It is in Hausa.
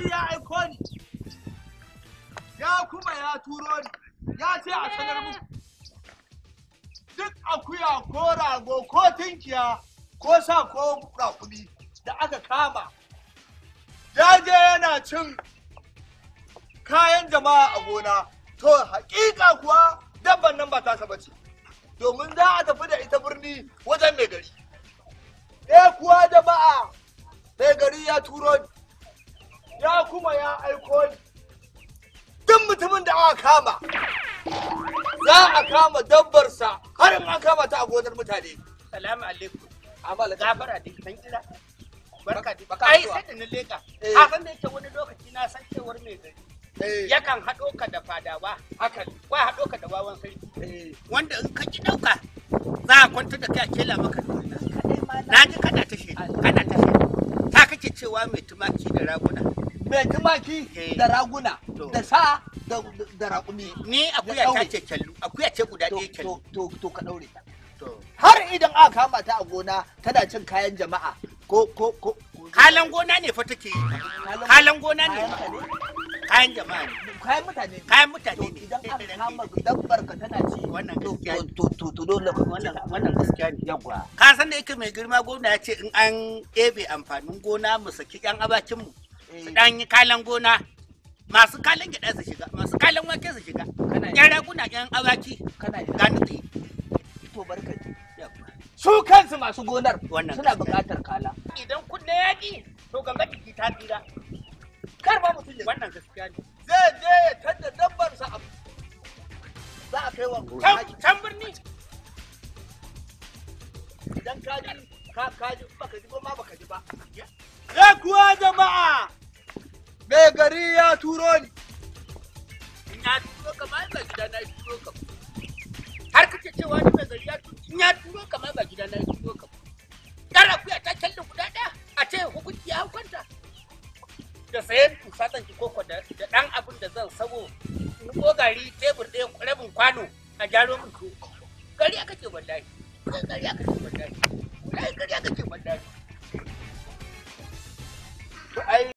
Ali ya aiko ni ya kuma ya turo ni ya ce a sanar mu. duk akuya ko rago ko tinkiya ko sa ko rakumi da aka kama Ya je yana cin kayan jama'a a gona to haƙiƙa kuwa dabban nan ba ta saba ce domin za a tafi da ita birni wajen mai gari eh kuwa jama'a mai gari ya turo ni ya kuma ya aiko ni duk mutumin da aka kama za a kama dabbarsa har in an kama ta a gonar mutane salamu alaikum amal gafara da kan kira barka da baka ai sai da na leka eh. A san da yake wani lokaci na san cewar mai gari eh. yakan haɗo ka da fadawa haka wai haɗo ka da wawan sai. Eh. wanda in ka ki ɗauka za a kwanta da kai a kela maka na ji kana ta shedu kana ta shedu ta kake cewa mai tumaki da raguna mai tumaki eh. da raguna da sa da raƙumi ni akuya ta ce kyallu akuya ce guda ɗaya kyallu to ka ɗaure ta har idan aka kama ta a gona tana cin kayan jama'a ko ko ko kalan gona ne fa take yi kalan gona ne kayan jama'a ne kayan mutane kayan mutane ne idan eh, aka eh, kama dabbar ka tana ci wannan gaskiya ne to to to dole wannan wannan gaskiya ne Yawwa. ka san da yake mai girma gona ya ce in an ɗebe amfanin gona mu saki ƴan abakin mu Eh. su dan yi kalan gona masu kalan gida su shiga masu kalan wake su shiga yan raguna yan awaki ga nutse to barkaci su kansu masu gonar suna buƙatar kala idan kunne ya ki to ganga jiki ta tira kar ba mutum ya wannan gaskiya ne zai je ya tadda dabbar sa za a kai wa can birni idan ka ji ka ji baka ji ba ma baka ji ba Ya kuwa jama'a! Mai gari ya turo ni. Ya turo ka mai ba gida na turo ka. Har kake cewa ni mai gari ya turo ya turo ka mai ba gida na turo ka. Yar akuya ta kyalle guda ɗaya a ce hukunci ya hukunta. Da sayen tusa zan ki koko da ɗan abin da zan sabo. Ko gari tebur ɗaya rabin kwano a jaro min Gari aka ce wallahi. Gari aka ce wallahi.